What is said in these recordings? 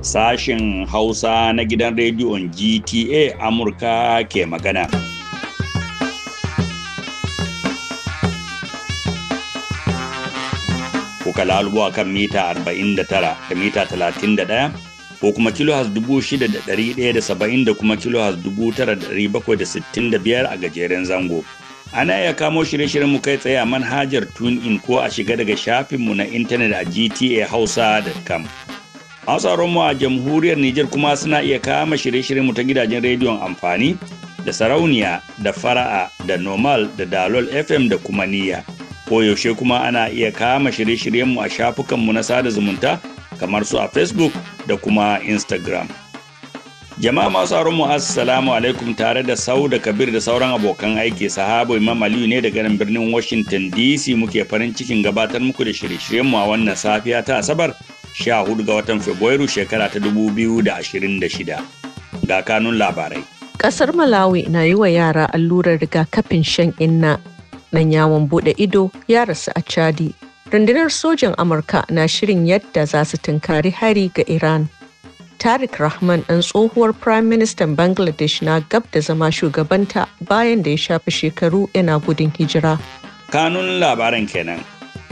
Sashen Hausa na gidan rediyon GTA Amurka ke magana. Kuka lalubuwa kan mita 49 da mita 31 ko kuma kilohas 6,170 da kuma kilohas 9,765 a gajeren zango. Ana iya kamo shirye shiryen mu kai tsaye a manhajar TuneIn ko a shiga daga shafinmu na intanet a gtahausa.com. mu a jamhuriyar Nijar kuma suna iya kama shirye shiryen mu ta gidajen rediyon amfani da sarauniya da fara'a da normal da dalol FM da kuma niyya. yaushe kuma ana iya kama shirye shiryen mu a shafukanmu na sada zumunta kamar su a Facebook da kuma Instagram. Jama'a masu aron mu assalamu alaikum tare da sau da kabir da sauran abokan aiki sahabo Imam Aliyu ne daga nan birnin Washington DC muke farin cikin gabatar muku da shirye-shiryen mu a wannan safiya ta Asabar 14 ga watan Fabrairu shekara ta 2026. Ga kanun labarai. Kasar Malawi na yi wa yara allurar rigakafin shan inna. Ɗan yawon buɗe ido ya rasu a Chadi. Rundunar sojan Amurka na shirin yadda za su tunkari hari ga Iran. Tariq Rahman ɗan tsohuwar Prime Minister Bangladesh na gab da zama shugabanta bayan da ya shafi shekaru yana gudun hijira. Kanun labaran kenan.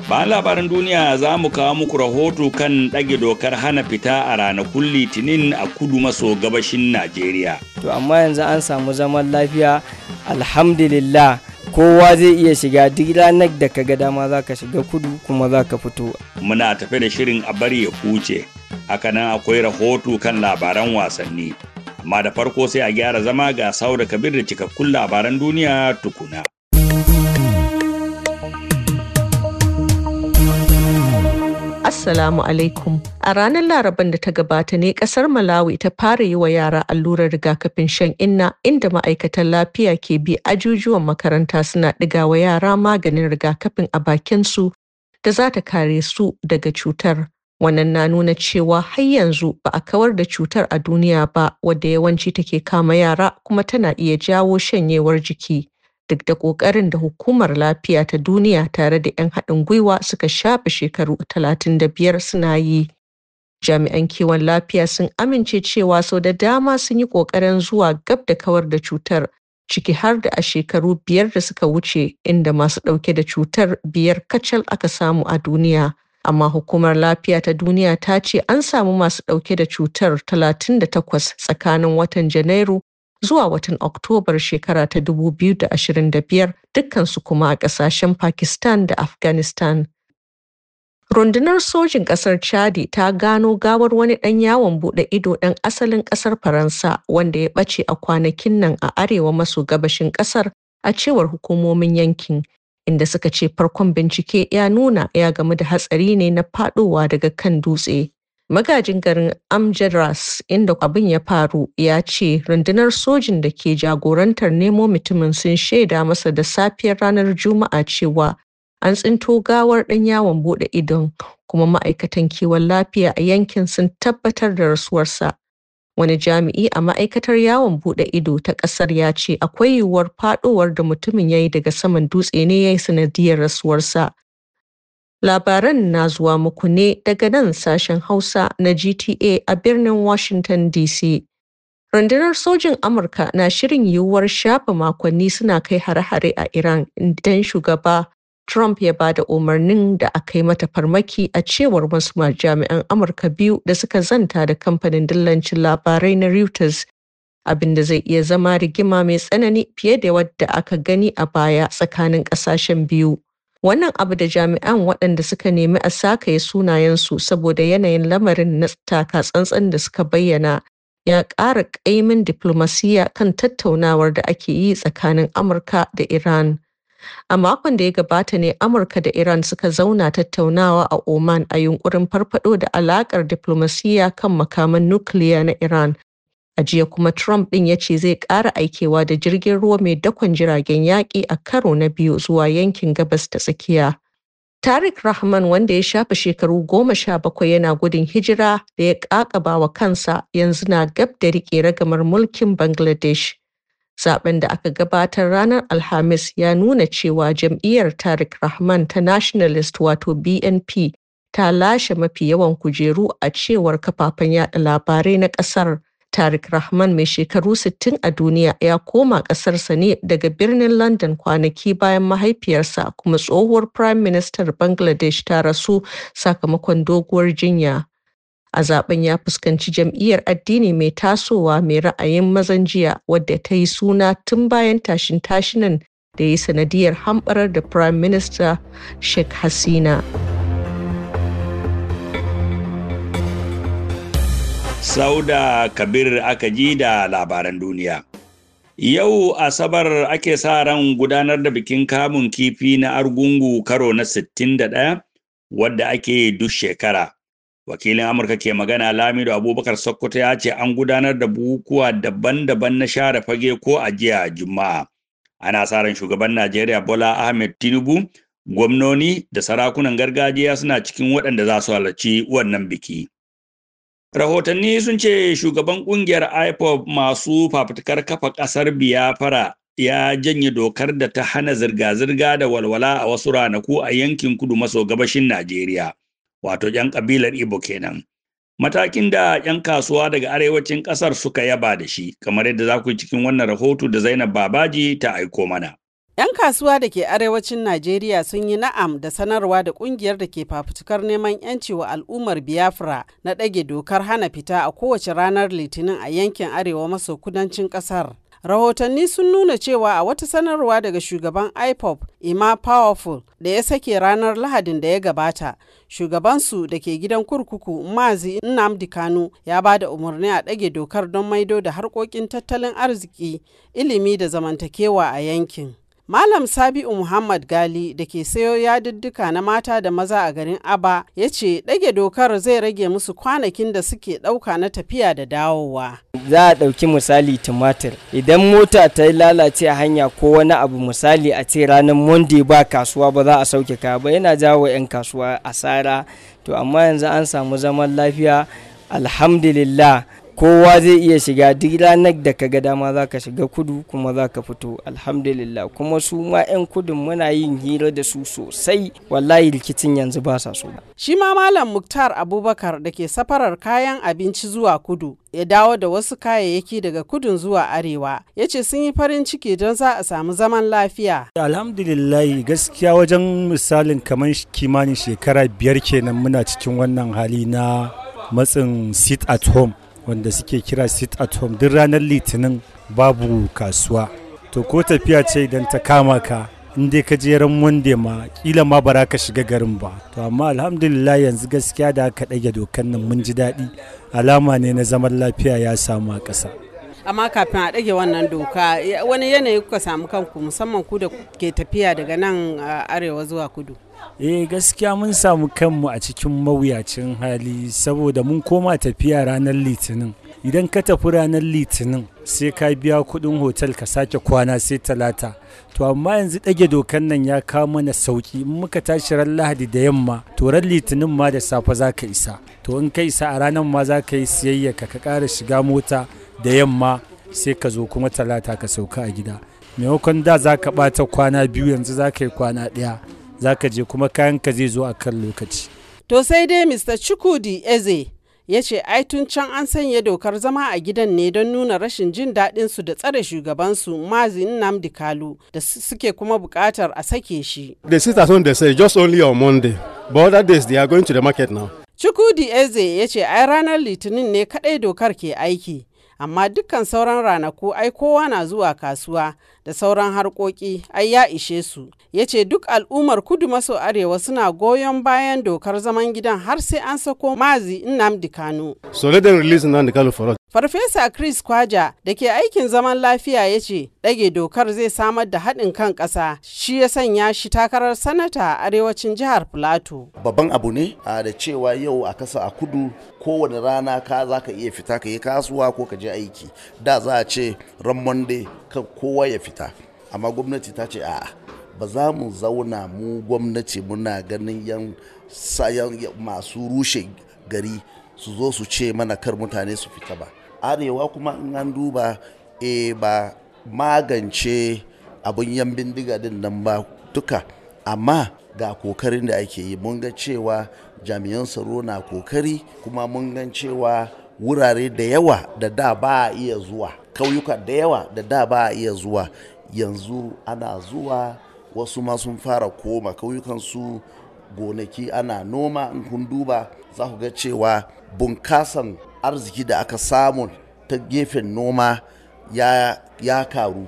Bayan labaran duniya za mu kawo muku rahoto kan ɗage dokar hana fita a ranakun litinin a kudu maso gabashin Najeriya. To amma yanzu an samu zaman lafiya alhamdulillah kowa zai iya shiga duk ranar da ka ga dama za ka shiga kudu kuma za ka fito. Muna tafe da shirin a bari ya huce, nan akwai rahoto kan labaran wasanni. Amma da farko sai a gyara zama ga sau da kabir da cikakkun labaran duniya tukuna. Assalamu alaikum. A ranar Laraban da ta gabata ne kasar Malawi ta fara yi wa yara allurar rigakafin shan inna inda ma'aikatan lafiya ke bi ajujuwan makaranta suna ɗiga wa yara maganin rigakafin a bakinsu da za ta kare su daga cutar. Wannan na nuna cewa har yanzu ba a kawar da cutar a duniya ba wadda yawanci take kama yara kuma tana iya jawo shanyewar jiki. Duk da ƙoƙarin da hukumar lafiya ta duniya tare da 'yan haɗin gwiwa suka shafe shekaru 35 suna yi. jami'an kiwon lafiya sun amince cewa sau da dama sun yi ƙoƙarin zuwa gab da kawar da cutar ciki har da a shekaru biyar da suka wuce inda masu ɗauke da cutar biyar kacal aka samu a duniya amma hukumar lafiya ta duniya ta ce an samu masu ɗauke da cutar talatin da 38 tsakanin watan janairu zuwa watan oktobar shekara ta dubu biyu da da ashirin biyar dukkansu kuma a ƙasashen pakistan da afghanistan rundunar sojin ƙasar chadi ta gano gawar wani ɗan yawon buɗe ido ɗan asalin ƙasar faransa wanda ya ɓace a kwanakin nan a arewa maso gabashin ƙasar a cewar hukumomin yankin inda suka ce farkon bincike ya nuna ya gamu da hatsari ne na faɗowa daga kan dutse magajin garin amjadras inda abin ya faru ya ce rundunar sojin da ke jagorantar nemo mutumin sun shaida masa da safiyar ranar juma'a cewa An tsinto gawar ɗan yawon buɗe ido kuma ma'aikatan kiwon lafiya a yankin sun tabbatar da rasuwarsa. Wani jami'i a ma'aikatar yawon buɗe ido ta ƙasar ya ce akwai yiwuwar faɗowar da mutumin ya yi daga saman dutse ne ya yi sanadiyar rasuwarsa. Labaran na zuwa muku ne daga nan sashen Hausa na GTA a birnin Washington DC. Rundunar sojin Amurka na shirin yiwuwar shafe makonni suna kai hare-hare a Iran idan shugaba Trump ya ba da umarnin da aka yi mata farmaki a cewar wasu jami'an Amurka biyu da suka zanta da kamfanin dillancin labarai na Reuters abin da zai iya zama rigima mai tsanani fiye da wadda aka gani a baya tsakanin ƙasashen biyu. Wannan abu da jami'an waɗanda suka nemi a sakaye sunayensu saboda yanayin lamarin na taka tsantsan da suka bayyana ya ƙara ƙaimin diflomasiyya kan tattaunawar da ake yi tsakanin Amurka da Iran. A makon da ya gabata ne Amurka da Iran suka zauna tattaunawa a Oman a yunkurin farfado da alakar diplomasiya kan makaman nukiliya na Iran. A jiya kuma Trump ɗin ya ce zai ƙara aikewa da jirgin ruwa mai dakon jiragen yaƙi a karo na biyu zuwa yankin gabas ta tsakiya. Tariq Rahman wanda ya shafe shekaru goma sha bakwai yana gudun hijira da ya ƙaƙaba wa kansa yanzu na gab da riƙe ragamar mulkin Bangladesh. Zaben da aka gabatar ranar Alhamis ya nuna cewa jam'iyyar Tariq Rahman ta Nationalist wato BNP ta lashe mafi yawan kujeru a cewar kafafen yada labarai na kasar. Tariq Rahman mai shekaru 60 a duniya ya koma ƙasarsa ne daga birnin London kwanaki bayan mahaifiyarsa kuma tsohuwar Prime Minister Bangladesh ta rasu sakamakon doguwar jinya. A zaben ya fuskanci jam'iyyar addini mai tasowa mai ra'ayin mazan jiya wadda ta yi suna tun bayan tashin tashinan da ya yi sanadiyar hamɓarar da Prime Minister Sheikh Hasina. Sauda Kabir aka ji da labaran duniya. Yau Asabar ake sa ran gudanar da bikin kamun kifi na Argungu karo na 61 wadda ake duk shekara. wakilin amurka ke magana lamido abubakar sokoto ya ce an gudanar da bukukuwa daban-daban na share fage ko a jiya juma'a ana sa ran shugaban najeriya bola ahmed tinubu gwamnoni da sarakunan gargajiya suna cikin waɗanda za su halarci wannan biki rahotanni sun ce shugaban ƙungiyar ipob masu fafutukar kafa ƙasar biyafara ya janye dokar da ta hana zirga-zirga da walwala a wasu ranaku a yankin kudu maso gabashin najeriya wato 'yan ƙabilar Ibo kenan. Matakin da 'yan kasuwa daga arewacin ƙasar suka yaba da shi, kamar yadda za ku cikin wannan rahoto da Zainab Babaji ta aiko mana. 'Yan kasuwa da ke arewacin Najeriya sun yi na'am da sanarwa da ƙungiyar da ke fafutukar neman 'yanci wa al'ummar Biafra na ɗage dokar hana fita a kowace ranar Litinin a yankin arewa maso kudancin ƙasar. rahotanni sun nuna cewa a wata sanarwa daga shugaban ipop ima powerful da ya sake ranar lahadin da ya gabata shugabansu da ke gidan kurkuku mazi nnamdi kanu ya ba da umarni a ɗage dokar don maido da harkokin tattalin arziki ilimi da zamantakewa a yankin Malam Sabi'u Muhammad Gali da ke sayo yadudduka na mata da maza a garin Aba ya ce ɗage dokar zai rage musu kwanakin da suke ɗauka na tafiya da dawowa. Za a ɗauki misali tumatir. Idan mota ta lalace a hanya ko wani abu misali a ce ranar Monday ba kasuwa ba za a sauke ka ba yana jawo 'yan kasuwa asara. To amma yanzu an samu zaman lafiya alhamdulillah kowa zai iya shiga duk ranar da ka ga dama za ka shiga kudu kuma za ka fito alhamdulillah kuma su ma 'yan kudun muna yin hira da su sosai wallahi rikicin yanzu ba sa so shi ma malam muktar abubakar da ke safarar kayan abinci zuwa kudu ya dawo da wasu kayayyaki daga kudun zuwa arewa ya ce sun yi farin ciki don za a samu zaman lafiya alhamdulillah gaskiya wajen misalin kamar kimanin shekara biyar kenan muna cikin wannan hali na matsin sit at home wanda suke kira sit at home duk ranar litinin babu kasuwa to ko tafiya ce idan ta kama ka in dai ka je ran ma kila ma bara ka shiga garin ba to amma alhamdulillah yanzu gaskiya da aka ɗage dokan nan mun ji daɗi alama ne na zaman lafiya ya samu a ƙasa amma kafin a ɗage wannan doka wani yanayi kuka samu kanku musamman ku da ke tafiya daga nan arewa zuwa kudu eh gaskiya mun samu kanmu a cikin mawuyacin hali saboda mun koma tafiya ranar litinin idan ka tafi ranar litinin sai ka biya kudin hotel ka sake kwana sai talata to amma yanzu ɗage dokan nan ya kawo mana sauki in muka tashi ran lahadi da yamma to ran litinin ma da safe za ka isa to in ka isa a ranar ma za ka yi siyayya ka ka ƙara shiga mota da yamma sai ka zo kuma talata ka sauka a gida maimakon da za ka ɓata kwana biyu yanzu za ka yi kwana ɗaya za ka je kuma kayanka zai zo a kan lokaci to sai dai mr chukwudi eze ya ce ai tun can an sanya dokar zama a gidan ne don nuna rashin jin daɗinsu da tsare shugabansu mazi Nnamdi Kalu da suke kuma buƙatar a sake shi. The sisters on they say just only on Monday, but other days they are going to the market now. Chukwudi Eze ya ce ai ranar Litinin ne kaɗai dokar ke aiki, amma dukkan sauran ranaku ai kowa na zuwa kasuwa da sauran harkoki ai ya ishe su ya ce duk al'ummar kudu maso arewa suna goyon bayan dokar zaman gidan har sai an sako mazi in kano so Farfesa Chris Kwaja da ke aikin zaman lafiya ya ce ɗage dokar zai samar da haɗin kan ƙasa shi ya sanya shi takarar sanata a arewacin jihar plato Babban abu ne a da cewa yau a kasa a kudu kowane rana ka za ka iya fita ka yi kasuwa ko ka je aiki da za a ce ran Monday kan kowa ya fita. ta amma gwamnati ta ce a'a ba za mu zauna mu gwamnati muna ganin yan sayan masu rushe gari su zo su ce mana kar mutane su fita ba arewa kuma in an duba e ba magance abin yan bindiga din nan ba duka amma ga kokarin da ake yi mun ga cewa jami'an tsaro na kokari kuma mun ga cewa wurare da yawa da da ba a iya zuwa kauyuka da yawa da da ba a iya zuwa yanzu ana zuwa wasu ma sun fara koma kauyukan su gonaki ana noma in kun duba za ku ga cewa bunkasan arziki da aka samu ta gefen noma ya, ya karu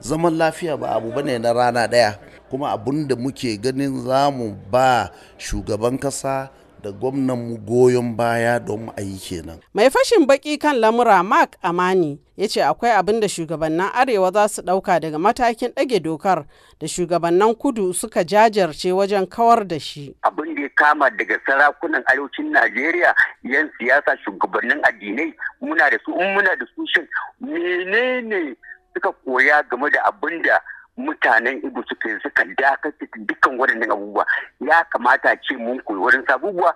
zaman lafiya ba abu bane na rana daya kuma abun da muke ganin za mu ba shugaban kasa da gwamnan mu goyon baya don aiki kenan mai fashin baki kan lamura mark amani ya ce akwai abin da shugabannin arewa za su ɗauka daga matakin ɗage dokar da shugabannin kudu suka jajarce wajen kawar da shi. Abin da ya kama daga sarakunan arewacin Najeriya yan siyasa shugabannin addinai muna da su muna da su shin menene suka koya game da abin da mutanen ibu suka suka dakatar dukkan wadannan abubuwa ya kamata ce mun koyi wurin sabubuwa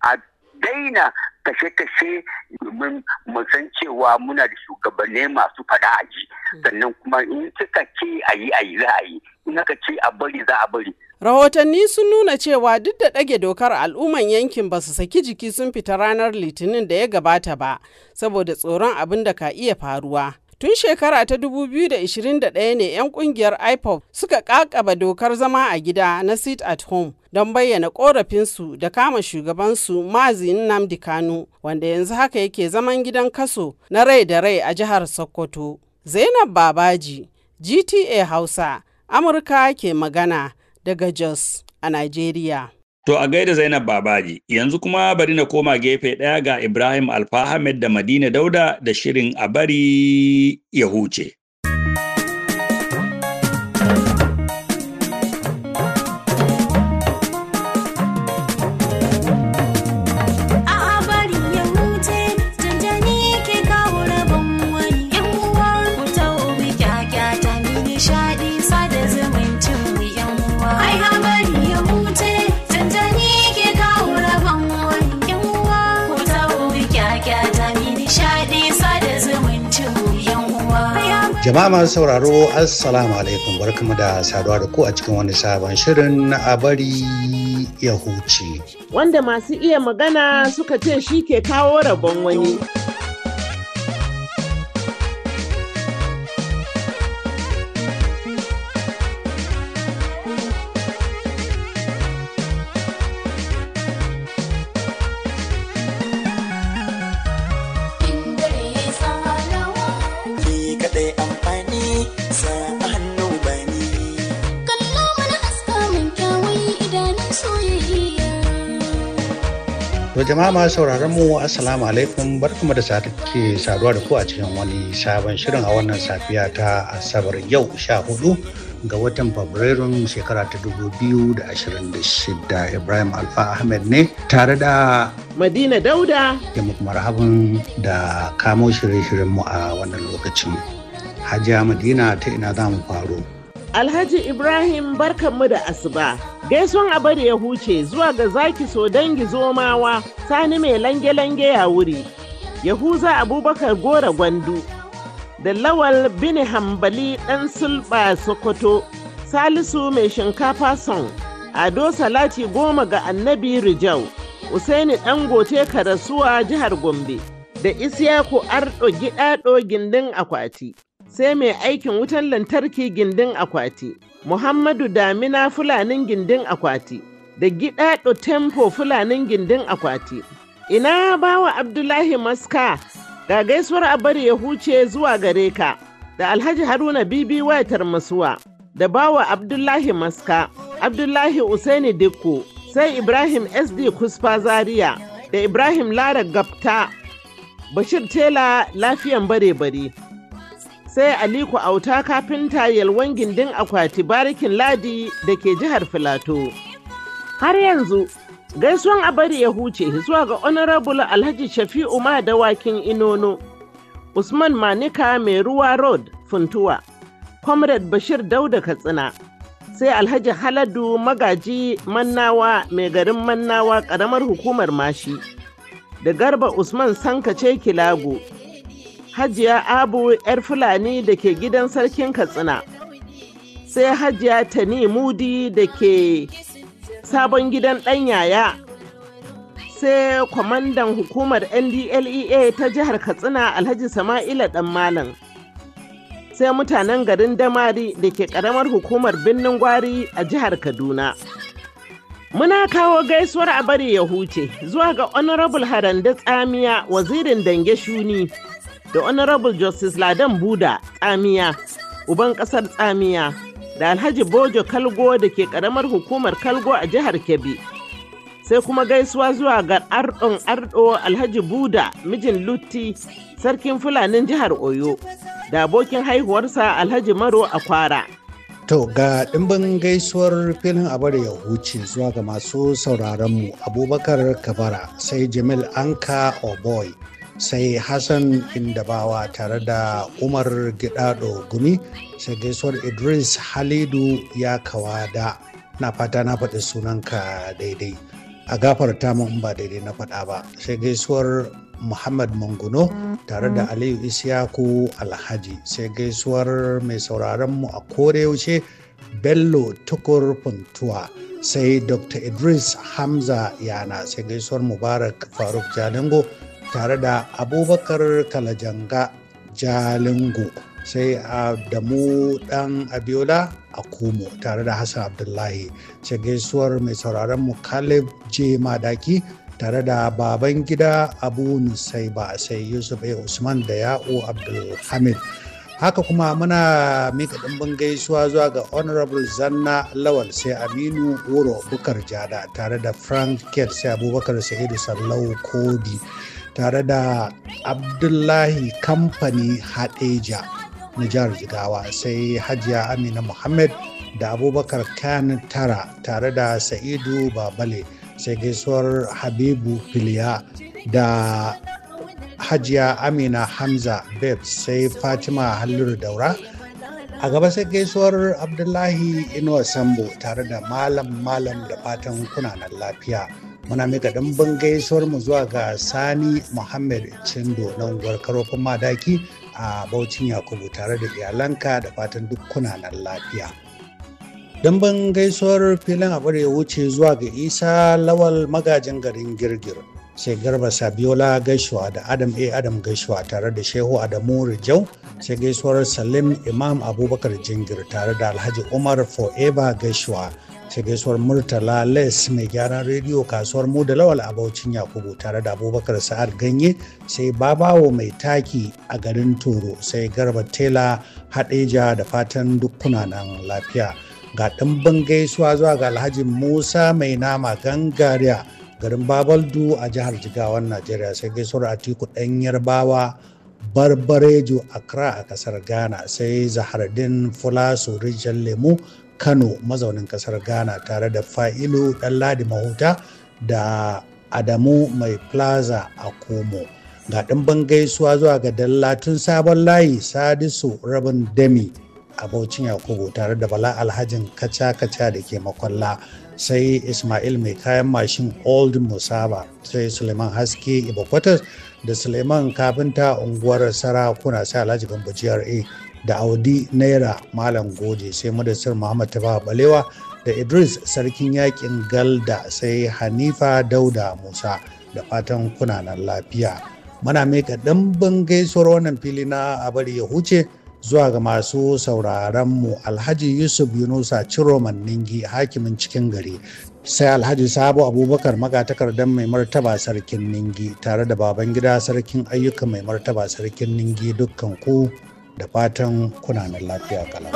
a daina kashe-kashe domin mu san cewa muna da shugabanni masu fada a ji hmm. sannan kuma in suka ce a yi a yi za a yi in aka ce a bari za a bari rahotanni sun nuna cewa duk da ɗage dokar al'umman yankin ba su saki jiki sun fita ranar litinin da ya gabata ba saboda tsoron abin da ka iya faruwa Tun shekara ta 2021 ne 'yan kungiyar IPOP suka kakaba dokar zama a gida na sit at home don bayyana korafinsu da kama shugabansu Mazi Nnamdi Kanu wanda yanzu haka yake zaman gidan kaso na rai da rai a jihar Sokoto. Zainab Babaji, GTA Hausa, Amurka ke magana daga Jos a Najeriya. To a gaida Zainab Babaji, yanzu kuma bari na koma gefe ɗaya ga Ibrahim Alfahamed da Madina Dauda da shirin a bari ya huce. Jama'a masu sauraro Assalamu alaikum barkamu da saduwa da ku a cikin wani sabon shirin na abari ya huce. Wanda masu iya magana suka ce shi ke kawo rabon wani. Jama'a masu sauraron mu Assalamu alaikum barkamu da sake saduwa da ku a cikin wani sabon shirin a wannan safiya ta Asabar yau 14 ga watan Fabrairu shekara ta 2026 Ibrahim Alfa Ahmed ne tare da Madina Dauda da muku marhaban da kamo shirye-shiryen mu a wannan lokacin. Hajiya Madina ta ina zamu mu faro. Alhaji Ibrahim barkanmu da asuba. Gaison a bari ya huce zuwa ga zaki so dangi zomawa sani mai lange-lange ya wuri. Yahuza Abubakar Gora Gwandu. Da Lawal Bini Hambali ɗan Sulɓa Sokoto. Salisu mai shinkafa son. Ado Salati goma ga Annabi Rijau. Usaini ɗangote Karasuwa jihar Gombe. Da Isiyaku Ardo Gidado Gindin Akwati. sai mai aikin wutan lantarki gindin akwati, Muhammadu Damina Fulanin gindin akwati, da Gidaɗo Tempo Fulanin gindin akwati. Ina bawa Abdullahi Maska ga gaisuwar bari ya huce zuwa gare ka, da Alhaji Haruna Bibi wayatar masuwa, da bawa Abdullahi Maska, Abdullahi Usaini Dikko, sai Ibrahim SD Kusfa Zaria, da Ibrahim Lara gabta, Bashir Tela lafiyan bare-bare. sai Aliko Auta kafinta yalwan gindin akwati barikin ladi da ke jihar Filato. Har yanzu gaisuwan a ya huce zuwa ga Honorable Alhaji Shafi'u ma dawakin Inono, Usman Manika mai ruwa road Funtuwa, Comrade Bashir Dauda Katsina, sai Alhaji Haladu magaji Mannawa mai garin Mannawa ƙaramar hukumar Mashi, da Garba Usman Sankace Kilago. Hajiya Abu 'yar Fulani da ke gidan sarkin Katsina. Sai Hajiya Tani Mudi da ke sabon gidan ɗan yaya. Sai kwamandan hukumar NDLEA ta jihar Katsina Alhaji Sama'ila ɗan Malam. Sai mutanen garin Damari da ke ƙaramar hukumar Birnin Gwari a jihar Kaduna. Muna kawo gaisuwar a bari ya huce zuwa ga Honorable Harande Tsamiya wazirin Dange Shuni. da Honorable Justice Ladan Buda Tsamiya, uban ƙasar Tsamiya, da Alhaji Bojo Kalgo da ke ƙaramar hukumar Kalgo a jihar Kebbi. Sai kuma gaisuwa zuwa ga Ardon Ardo Alhaji Buda mijin Lutti sarkin Fulanin jihar Oyo da abokin haihuwarsa Alhaji Maro a kwara. To ga ɗimbin gaisuwar filin abar ya huce zuwa ga masu sauraronmu Abubakar Kabara sai Jamil Anka Oboy. sai Hassan Indabawa tare da Umar Gidado Gumi sai gaisuwar Idris Halidu ya da na fata na faɗi sunanka daidai a gafar mun ba daidai na faɗa ba sai gaisuwar Muhammad Manguno tare da Aliyu isyaku Alhaji sai gaisuwar mai sauraron mu a kore yaushe Bello Tukur Funtuwa sai Dr. Idris Hamza Yana sai gaisuwar Mubarak Faruk Jalingo tare da abubakar kalajanga jalingo sai a damu dan abiola a komo tare da hassan abdullahi sai gaisuwar mai sauraron mu kalib j madaki tare da baban gida abu ba sai yusuf a usman da ya'u abdulhamid haka kuma muna mika dimbin gaisuwa zuwa ga honorable zanna lawal sai aminu wuro bukar jada tare da frank kett sai abubakar sa'idu sallau kodi tare da abdullahi kamfani hadeja na jihar jigawa sai hajiya amina muhammad da abubakar kan tara tare da sa'idu babale sai gaisuwar habibu filiya da hajiya amina hamza beb sai fatima halir daura a gaba sai gaisuwar abdullahi inuwa sambo tare da malam malam da fatan kunanan lafiya muna mika dambin gaisuwar mu zuwa ga sani muhammad cindo na unguwar karofin madaki a baucin yakubu tare da iyalanka da fatan duk kuna lafiya dambin gaisuwar filin a ya wuce zuwa ga isa lawal magajin garin girgir sai garba sabiola gaisuwa da adam a adam gaisuwa tare da shehu adamu rijau sai gaisuwar salim imam abubakar jingir tare da alhaji umar forever gaisuwa sai gaisuwar murtala les mai gyaran rediyo kasuwar mu da lawal abaucin yakubu tare da abubakar sa'ad ganye sai babawo mai taki a garin toro sai garba tela hadeja da fatan dukkuna nan lafiya ga ɗimbin gaisuwa zuwa ga alhaji musa mai nama gangariya garin babaldu a jihar jigawan najeriya sai gaisuwar atiku ɗan yarbawa barbarejo accra a kasar ghana sai zahardin fulaso rijiyar lemu kano mazaunin kasar ghana tare da fa'ilu ɗanladi mahuta da adamu mai plaza a komo ga ɗimbin gaisuwa zuwa ga dallatun sabon layi sadisu rabin dami abocin yakubu tare da bala alhajin kaca-kaca da ke makwalla sai ismail mai kayan mashin old musaba sai suleiman haske ibakwatas da suleiman kafinta unguwar sarakuna sai alhaji gambo gra da audi naira malam goje sai madasar muhammad tafa balewa da idris sarkin yakin galda sai hanifa dauda musa da fatan kunanan lafiya muna mika ɗimbin gaisuwar wannan fili na abari ya huce zuwa ga masu sauraron mu alhaji yusuf yunusa ciroman ningi hakimin cikin gari sai alhaji sabo abubakar magatakardar mai martaba sarkin ningi tare da baban gida sarkin ayyukan mai martaba sarkin ningi dukkan ku da fatan kuna nan lafiya kalau.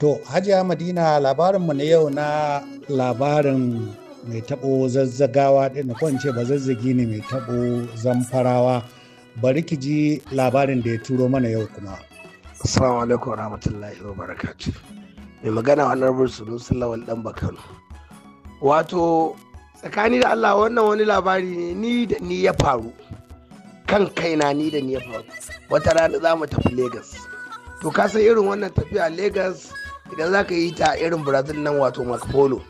To, Hajiya Madina labarinmu na yau na labarin mai taɓo zazzagawa ɗin ko ce ba zazzagi ne mai taɓo zamfarawa bari ki ji labarin da ya turo mana yau kuma. Assalamu alaikum warahmatullahi wabarakatuh. Mai magana wannan bursulu sallawal dan Bakano. Wato tsakani da Allah wannan wani labari ne ni da ni ya faru. Kan kaina ni da ni ya faru. Wata rana za mu tafi Legas. To ka san irin wannan tafiya Legas idan za ka yi ta irin brazil nan wato makapolo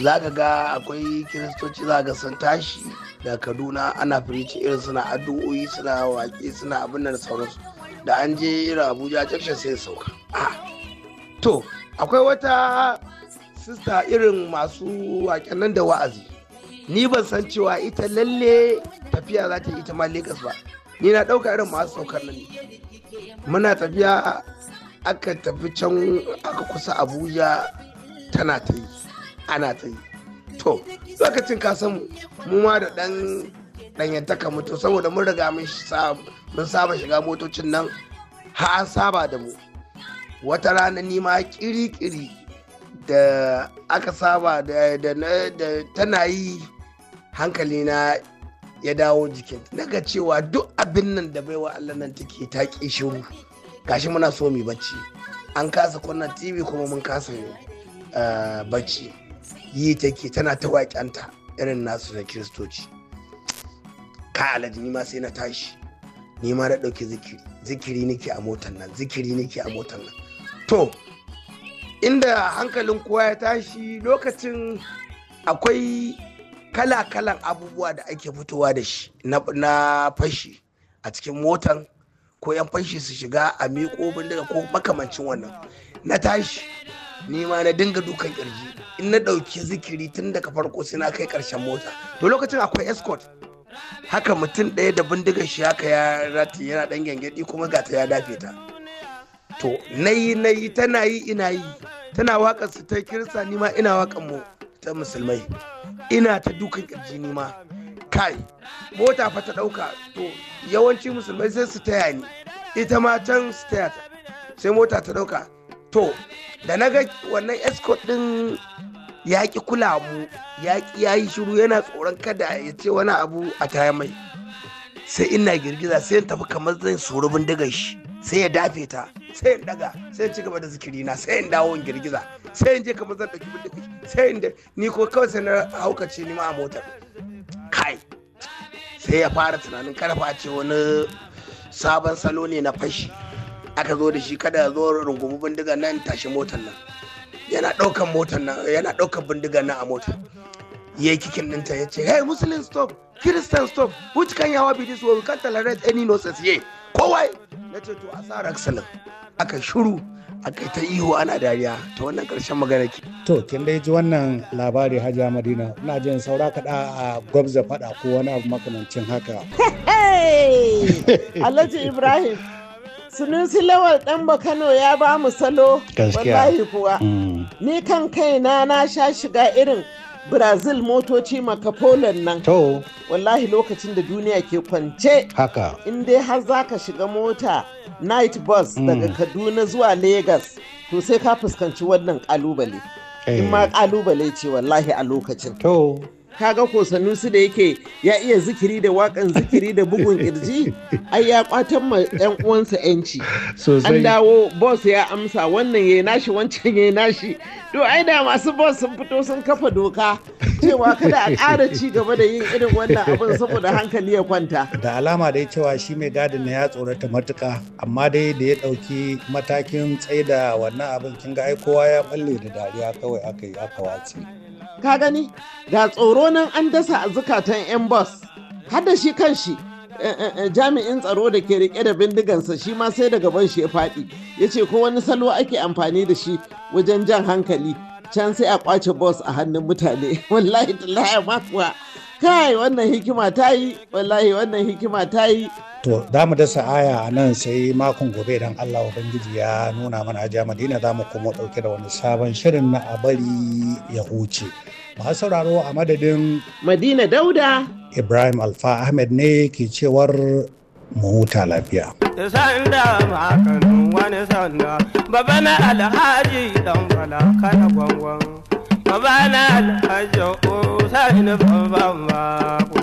za ka ga akwai kiristoci za ga sun tashi da kaduna ana firici irin suna addu'o'i suna waƙi suna abin da sauransu da an je irin abuja jakshin sai sauka to akwai wata sista irin masu waƙen nan da wa'azi ni ban san cewa ita lalle tafiya za ta yi ita ma Legas ba ni na ɗauka irin masu saukar nan muna tafiya aka tafi can aka kusa abuja tana ta yi ana ta yi to lokacin ka san mu ma da dan mutu saboda mun riga mun saba shiga motocin nan ha an saba da mu wata rana ni ma kiri-kiri da aka saba da tana yi hankali na ya dawo jikin Naga cewa duk abin nan da baiwa Allah nan take ta ƙi shiru gashi muna so mu bacci an kasa kunna tv kuma mun kasa eh, bacci yi take tana ta waƙanta irin nasu na kiristoci ka alaji ni ma sai na tashi ni ma da ɗauki zikiri zikiri nake a motar nan zikiri nake a motar nan to inda hankalin kowa ya tashi lokacin akwai kala-kalan abubuwa da ake fitowa da shi na fashi a cikin motan ko yan fashi su shiga a miƙo bindiga ko makamancin wannan na tashi ni ma na dinga dukan kirji in na ɗauki zikiri tun daga farko sai na kai karshen mota to lokacin akwai escort haka mutum ɗaya da bindigar shi haka ya rati yana ɗan gyangyaɗi kuma gata ya dafe ta to nayi yi na tana yi ina yi tana waƙar su ta kirsa ni ma ina waƙar mu ta musulmai ina ta dukan kirji ni ma kai mota fa ta ɗauka to yawanci musulmai sai su taya ni ita ma can su taya ta sai mota ta ɗauka to da na ga wannan escort ɗin ya ki kula mu ya ya yi shiru yana tsoron kada ya ce wani abu a taya mai sai ina girgiza sai in tafi kamar zan tsoro daga shi sai ya dafe ta sai in daga sai in ci gaba da zikiri na sai in dawo in girgiza sai in je kamar zan ɗauki shi. sai in ni ko kawai sai na haukace ni ma a motar kai sai ya fara tunanin karfa ce wani sabon salo ne na fashi aka zo da shi kada ya zo rungumi bindiga nan tashi motar nan yana ɗaukan motar nan yana ɗaukan bindiga nan a motar yayi kikin ɗinta ya ce hey muslim stop christian stop which can you be this way we can't tolerate any nonsense ye kowai?" na ce to a sa aka shuru aka ta ihu ana dariya ta wannan karshen magana ke. To kin dai ji wannan labari Hajiya Madina ina jin saura kaɗa a gwabza faɗa ko wani abu makamancin haka. Alhaji Ibrahim. sunun Lawal ɗan Kano ya ba mu salo wallahi kuwa. Mm. Ni kan kaina na sha shiga irin brazil motoci maka poland nan to wallahi lokacin da duniya ke kwance haka in dai har za ka shiga mota night bus mm. daga kaduna zuwa lagos to sai ka fuskanci wannan kalubale eh. in ma kalubale ce wallahi a lokacin to Ka ga ko su da yake ya iya zikiri da wakan zikiri da bugun kirji ai ya kwatan ma yan uwansa yanci an dawo boss ya amsa wannan yayi nashi wancan yayi nashi to ai da masu boss sun fito sun kafa doka cewa kada a ƙara ci gaba da yin irin wannan abin saboda hankali ya kwanta da alama dai cewa shi mai gadin ya tsorata matuka amma dai da ya ɗauki matakin tsaida wannan abin kin ga ai kowa ya balle da dariya kawai aka yi aka watsi ka gani ga tsoro nan an dasa a zukatan 'yan bas har da shi kan shi eh, eh, eh, jami'in tsaro da ke rike da bindigansa shi ma sai daga ban shi ya faɗi ya ce ko wani salo ake amfani da shi wajen jan hankali can sai a kwace bos a hannun mutane wallahi ta ma kuwa kai wannan hikima ta yi wallahi wannan hikima ta yi to za mu dasa aya a nan sai makon gobe idan allah ubangiji ya nuna mana ajiya madina za mu kuma ɗauke da wani sabon shirin na a bari ya huce masu sauraro a madadin madina dauda ibrahim alfa ahmed ne ke cewar mu huta lafiya babana alhaji usain baban ku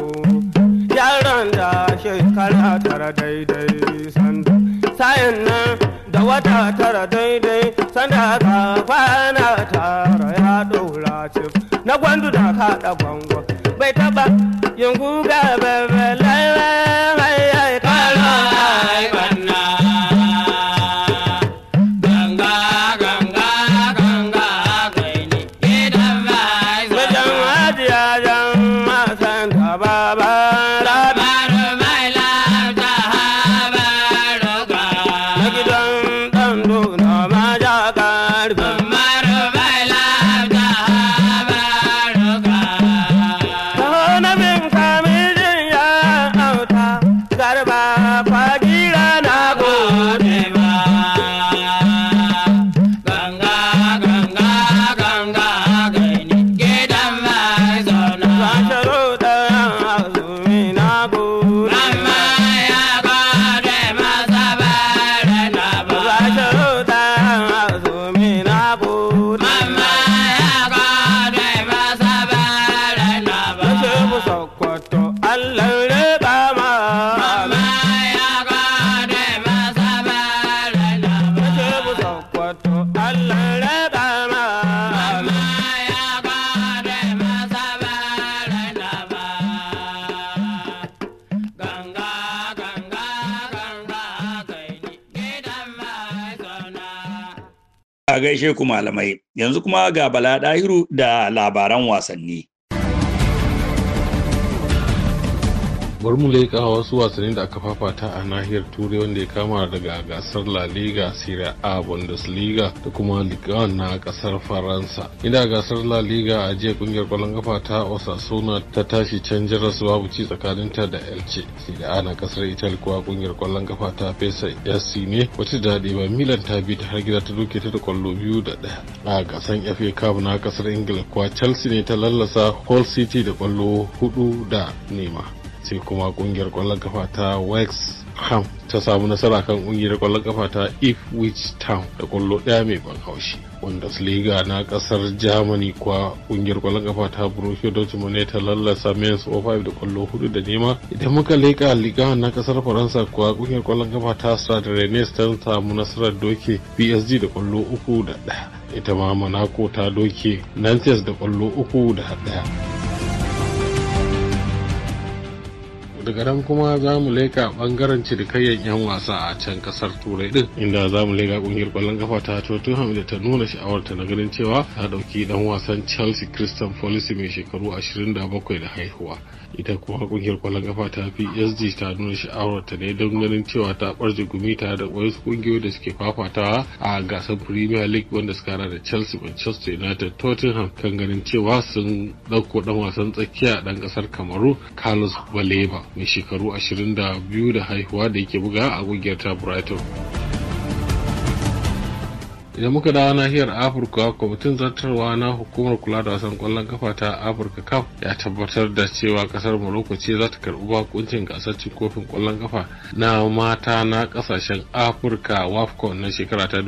yaron da shekara tara daidai sanda sayan nan da wata tara daidai sanda ka kwana tara ya ɗora cif na gwandu da kaɗa bango bai taba yin guga bebe lalai A gaishe ku malamai, yanzu kuma ga Bala Ɗahiru da labaran wasanni. bari mu leƙa wasu wasanni da aka fafata a nahiyar turai wanda ya kama daga gasar la liga serie a bundesliga da kuma ligue na kasar faransa inda gasar la liga a jiya kungiyar kwallon kafa ta osasuna ta tashi can jiras babu ci tsakaninta da elche serie a na kasar italy kuwa kungiyar kwallon kafa ta fesa sc ne wacce da ba milan ta bi ta har gida ta duke ta da kwallo biyu da ɗaya a gasan fa cup na kasar ingila kuwa chelsea ne ta lallasa hull city da kwallo hudu da nema sai kuma kungiyar kwallon kafa ta West Ham ta samu nasara kan kungiyar kwallon kafa ta Ipswich Town da kwallo ɗaya mai ban haushi. Bundesliga na kasar Germany kwa kungiyar kwallon kafa ta Borussia Dortmund ne ta lallasa Mainz 05 da kwallo hudu da nema. Idan muka leka liga na kasar Faransa kwa kungiyar kwallon kafa ta Stade Rennes ta samu nasarar doke PSG da kwallo uku da ɗaya. Ita ma Monaco ta doke Nantes da kwallo uku da ɗaya. daga nan kuma za mu leka bangaren cinikayyar 'yan wasa a can kasar turai din inda za mu leka kungiyar kwallon kafa ta tottenham da ta nuna sha'awar ta na ganin cewa ta dauki ciki dan wasan chelsea christian policy mai shekaru 27 da haihuwa ita kuma kungiyar kwallon kafa ta psg ta nuna sha'awar ta ne don ganin cewa ta barje gumi tare da wasu kungiyoyi da suke fafatawa a gasar premier league wanda suka hada da chelsea manchester united tottenham kan ganin cewa sun dauko dan wasan tsakiya dan kasar kamaru carlos baleba mai shekaru 22 da haihuwa da yake buga a kungiyar ta brighton idan muka dawo nahiyar afirka kwamitin zartarwa na hukumar kula da wasan kwallon kafa ta afirka kaf ya tabbatar da cewa kasar morocco ce za ta karbi bakuncin gasar cin kofin kwallon kafa na mata na kasashen afirka wafcon na shekara ta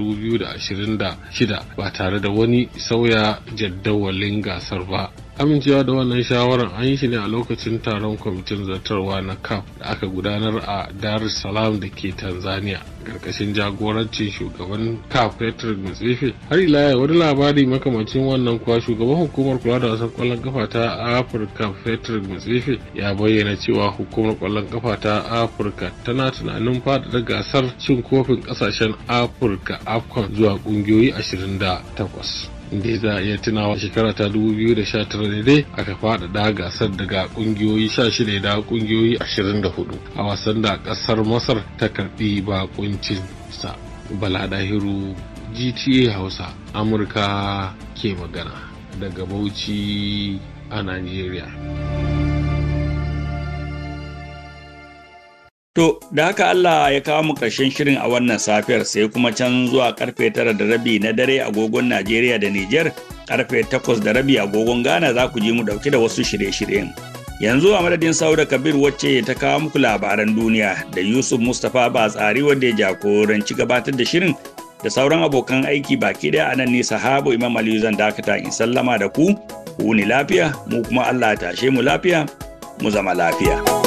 shida ba tare da wani sauya jadawalin gasar ba amincewa da wannan shawarar an yi shi ne a lokacin taron kwamitin zartarwa na cap da aka gudanar a dar es salaam da ke tanzania karkashin jagorancin shugaban cap patrick mutsefe har ila yau wani labari makamacin wannan kuwa shugaban hukumar kula da wasan kwallon kafa ta afirka patrick mutsefe ya bayyana cewa hukumar kwallon kafa ta afirka tana tunanin faɗaɗa gasar cin kofin ƙasashen afirka afcon zuwa ƙungiyoyi 28 inda za a iya tunawa shekara ta 2019 dai aka faɗaɗa gasar daga ƙungiyoyi 16 da ƙungiyoyi 24 a wasan da ƙasar masar ta karɓi sa bala hiru gta hausa amurka ke magana daga bauchi a nigeria. To, da haka Allah ya kawo mu ƙarshen shirin a wannan safiyar sai kuma can zuwa karfe tara da rabi na dare agogon Najeriya da Nijar, karfe takwas da rabi agogon Ghana za ku ji mu ɗauki da wasu shirye-shiryen. Yanzu a madadin Sauda Kabir wacce ta kawo muku labaran duniya da Yusuf Mustapha ba tsari wanda ya jagoranci gabatar da shirin da sauran abokan aiki baki ɗaya a nan ne sahabu Imam Aliyu zan dakata in sallama da ku, ku ni lafiya, mu kuma Allah tashe mu lafiya, mu zama lafiya.